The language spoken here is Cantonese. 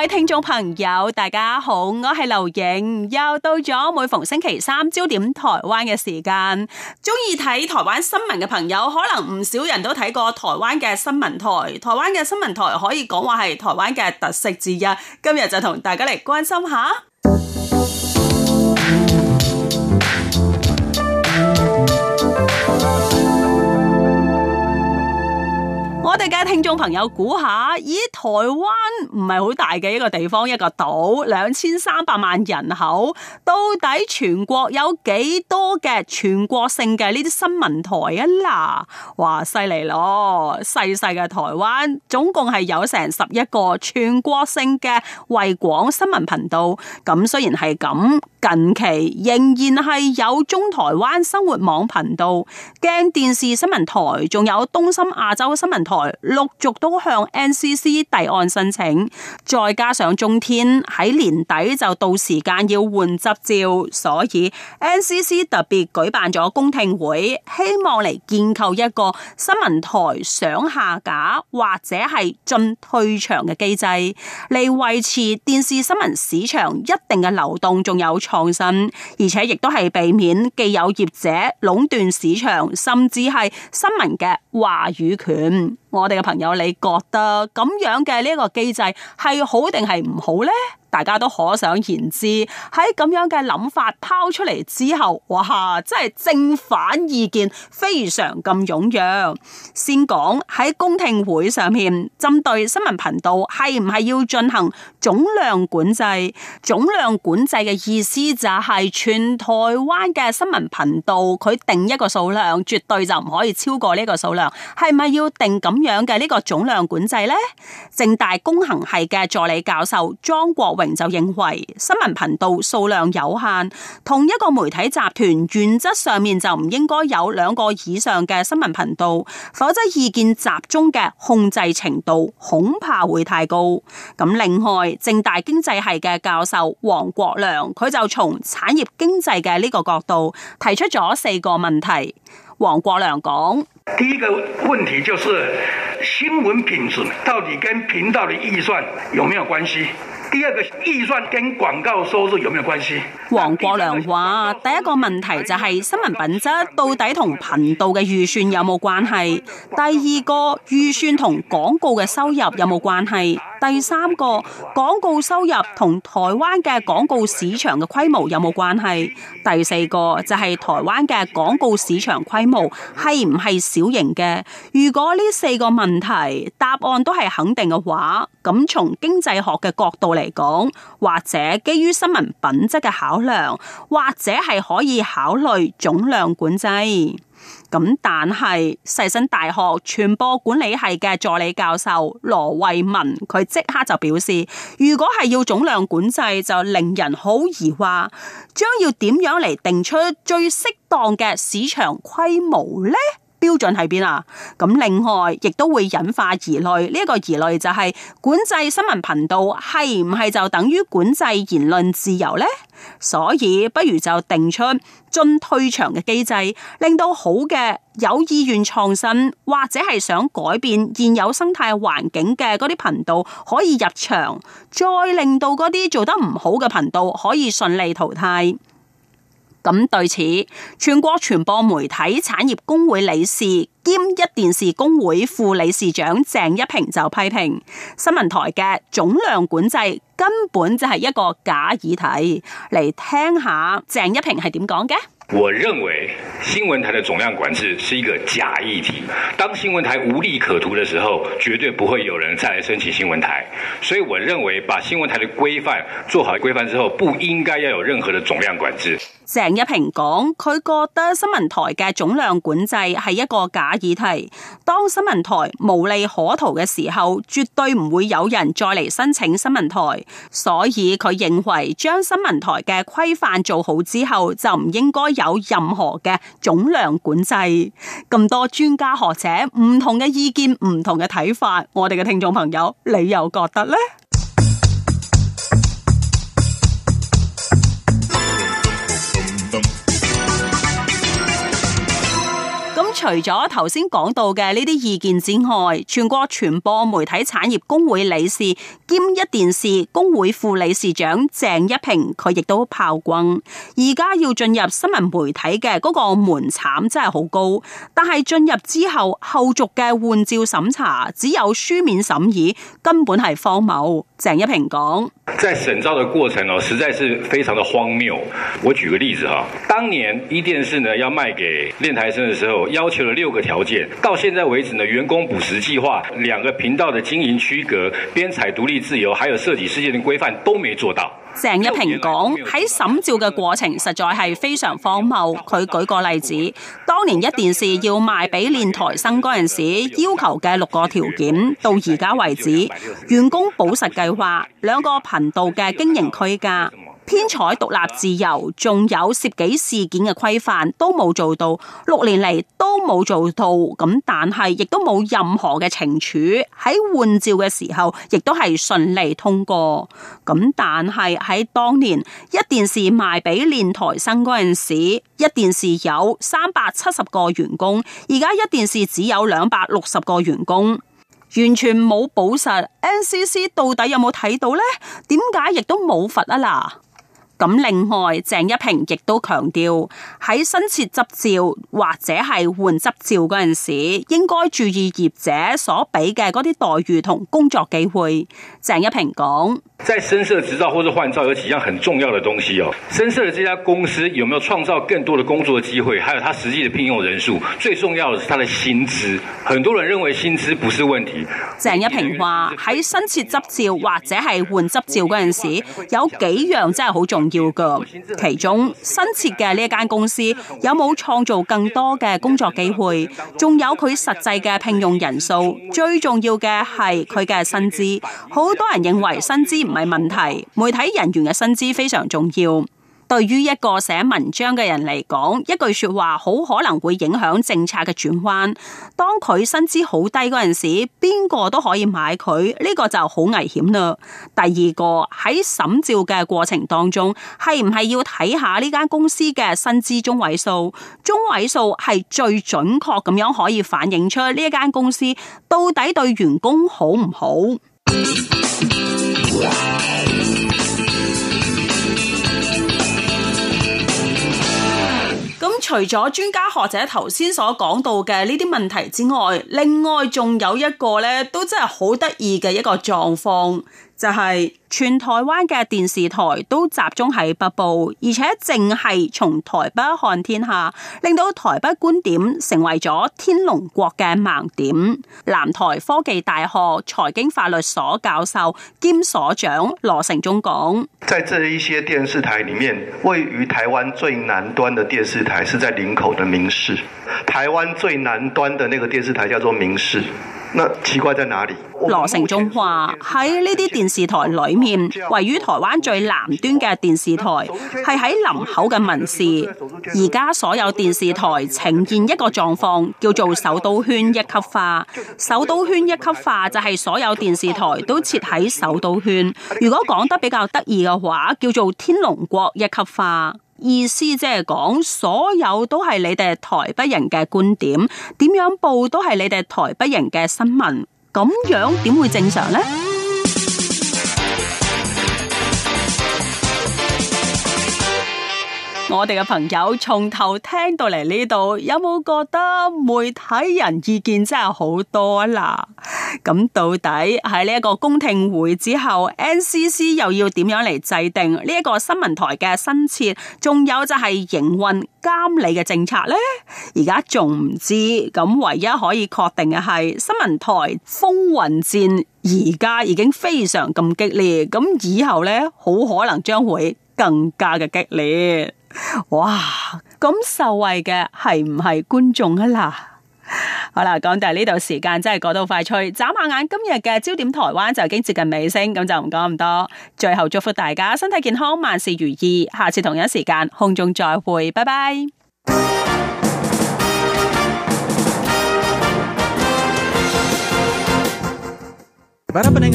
各位聽眾朋友，大家好，我係劉穎，又到咗每逢星期三焦點台灣嘅時間。鍾意睇台灣新聞嘅朋友，可能唔少人都睇過台灣嘅新聞台。台灣嘅新聞台可以講話係台灣嘅特色之一。今日就同大家嚟關心一下。即係聽眾朋友估下，咦？台灣唔係好大嘅一個地方，一個島，兩千三百萬人口，到底全國有幾多嘅全國性嘅呢啲新聞台啊？嗱哇，犀利咯！細細嘅台灣，總共係有成十一個全國性嘅衛廣新聞頻道。咁雖然係咁，近期仍然係有中台灣生活網頻道、鏡電視新聞台，仲有東森亞洲新聞台。陸續都向 NCC 遞案申請，再加上中天喺年底就到時間要換執照，所以 NCC 特別舉辦咗公聽會，希望嚟建構一個新聞台上下架或者係進退場嘅機制，嚟維持電視新聞市場一定嘅流動，仲有創新，而且亦都係避免既有業者壟斷市場，甚至係新聞嘅話語權。我哋嘅朋友，你覺得咁樣嘅呢個機制係好定係唔好咧？大家都可想而知，喺咁樣嘅諗法拋出嚟之後，哇！真係正反意見非常咁踴躍。先講喺公聽會上面，針對新聞頻道係唔係要進行總量管制？總量管制嘅意思就係全台灣嘅新聞頻道，佢定一個數量，絕對就唔可以超過呢個數量。係咪要定咁樣嘅呢個總量管制咧？政大公行系嘅助理教授莊國。榮就認為新聞頻道數量有限，同一個媒體集團原則上面就唔應該有兩個以上嘅新聞頻道，否則意見集中嘅控制程度恐怕會太高。咁另外，政大經濟系嘅教授王國良佢就從產業經濟嘅呢個角度提出咗四個問題。王國良講：第一個問題就是新聞品質到底跟頻道嘅預算有沒有關係？第二個預算跟廣告收入有冇關係？黃國良話：第一個問題就係新聞品質到底同頻道嘅預算有冇關係？第二個預算同廣告嘅收入有冇關係？第三個廣告收入同台灣嘅廣告市場嘅規模有冇關係？第四個就係、是、台灣嘅廣告市場規模係唔係小型嘅？如果呢四個問題答案都係肯定嘅話，咁從經濟學嘅角度嚟講，或者基於新聞品質嘅考量，或者係可以考慮總量管制。咁但係，世新大學傳播管理系嘅助理教授羅慧文，佢即刻就表示，如果係要總量管制，就令人好疑惑，將要點樣嚟定出最適當嘅市場規模呢？標準喺邊啊？咁另外，亦都會引發疑慮。呢一個疑慮就係管制新聞頻道係唔係就等於管制言論自由呢？所以，不如就定出進退場嘅機制，令到好嘅有意願創新或者係想改變現有生態環境嘅嗰啲頻道可以入場，再令到嗰啲做得唔好嘅頻道可以順利淘汰。咁，對此，全國傳播媒體產業工會理事兼一電視工會副理事長鄭一平就批評，新聞台嘅總量管制根本就係一個假議題。嚟聽下鄭。鄭一平係點講嘅？我認為新聞台的總量管制是一個假議題。當新聞台無利可圖的時候，絕對不會有人再來申請新聞台。所以我認為，把新聞台的規範做好規範之後，不應該要有任何的總量管制。鄭一平講，佢覺得新聞台嘅總量管制係一個假議題。當新聞台無利可圖嘅時候，絕對唔會有人再嚟申請新聞台。所以佢認為，將新聞台嘅規範做好之後，就唔應該，有任何嘅總量管制。咁多專家學者唔同嘅意見，唔同嘅睇法，我哋嘅聽眾朋友，你又覺得咧？除咗頭先講到嘅呢啲意見之外，全國傳播媒體產業工會理事兼一電視工會副理事長鄭一平，佢亦都炮轟：而家要進入新聞媒體嘅嗰個門檻真係好高，但係進入之後後續嘅換照審查只有書面審議，根本係荒謬。鄭一平講：在審照的過程哦，實在是非常的荒謬。我舉個例子哈，當年一電視呢要賣給練台生嘅時候，要要求了六個條件，到現在為止呢，員工補實計劃、兩個頻道的經營區隔、編採獨立自由，還有涉及事件的規範都沒做到。鄭一平講，喺審照嘅過程實在係非常荒謬。佢舉個例子，當年一電視要賣俾練台生嗰陣時，要求嘅六個條件，到而家為止，員工補實計劃、兩個頻道嘅經營區隔，天才獨立自由，仲有涉己事件嘅規範都冇做到，六年嚟都冇做到，咁但係亦都冇任何嘅懲處。喺換照嘅時候，亦都係順利通過。咁但係喺當年一電視賣俾練台生嗰陣時候，一電視有三百七十個員工，而家一電視只有兩百六十個員工，完全冇保實。NCC 到底有冇睇到呢？點解亦都冇罰啊？嗱。咁另外，鄭一平亦都強調，喺新設執照或者係換執照嗰陣時應該注意業者所俾嘅嗰啲待遇同工作機會，鄭一平講。在新設執照或者換照有幾樣很重要的東西哦。新設的這家公司有沒有創造更多的工作機會，還有他實際的聘用人數，最重要的是他的薪資，很多人認為薪資不是問題。鄭一平話，喺新設執照或者係換執照嗰陣時有幾樣真係好重要。要噶其中新設嘅呢一間公司有冇創造更多嘅工作機會？仲有佢實際嘅聘用人數，最重要嘅係佢嘅薪資。好多人認為薪資唔係問題，媒體人員嘅薪資非常重要。對於一個寫文章嘅人嚟講，一句說話好可能會影響政策嘅轉彎。當佢薪資好低嗰陣時候，邊個都可以買佢，呢、呢個就好危險啦。第二個喺審照嘅過程當中，係唔係要睇下呢間公司嘅薪資中位數？中位數係最準確咁樣可以反映出呢一間公司到底對員工好唔好？除咗專家學者頭先所講到嘅呢啲問題之外，另外仲有一個咧，都真係好得意嘅一個狀況，就係、是。全台灣嘅電視台都集中喺北部，而且淨係從台北看天下，令到台北觀點成為咗天龍國嘅盲點。南台科技大學財經法律所教授兼所長羅成忠講，在這一些電視台裏面，位於台灣最南端的電視台是在林口的民視。台灣最南端的那個電視台叫做民視，那奇怪在哪裏？羅成忠話，喺呢啲電視台裏。嗯裡面片位於台灣最南端嘅電視台係喺林口嘅民視。而家所有電視台呈現一個狀況，叫做首都圈一級化。首都圈一級化就係所有電視台都設喺首都圈。如果講得比較得意嘅話，叫做天龍國一級化。意思即係講所有都係你哋台北人嘅觀點，點樣報都係你哋台北人嘅新聞。咁樣點會正常咧？我哋嘅朋友從頭聽到嚟，呢度，有冇覺得媒體人意見真係好多啦？咁到底喺呢一個公聽會之後，NCC 又要點樣嚟制定呢一個新聞台嘅新設？仲有就係營運監理嘅政策呢？而家仲唔知。咁唯一可以確定嘅係，新聞台風雲戰而家已經非常咁激烈，咁以後呢，好可能將會更加嘅激烈。哇！咁受惠嘅係唔係觀眾啊啦？好啦，講到呢度時間真係過到快脆，眨下眼今日嘅焦點台灣就已經接近尾聲，咁就唔講咁多。最後祝福大家身體健康，萬事如意。下次同一時間空中再會，拜拜。乜都唔理。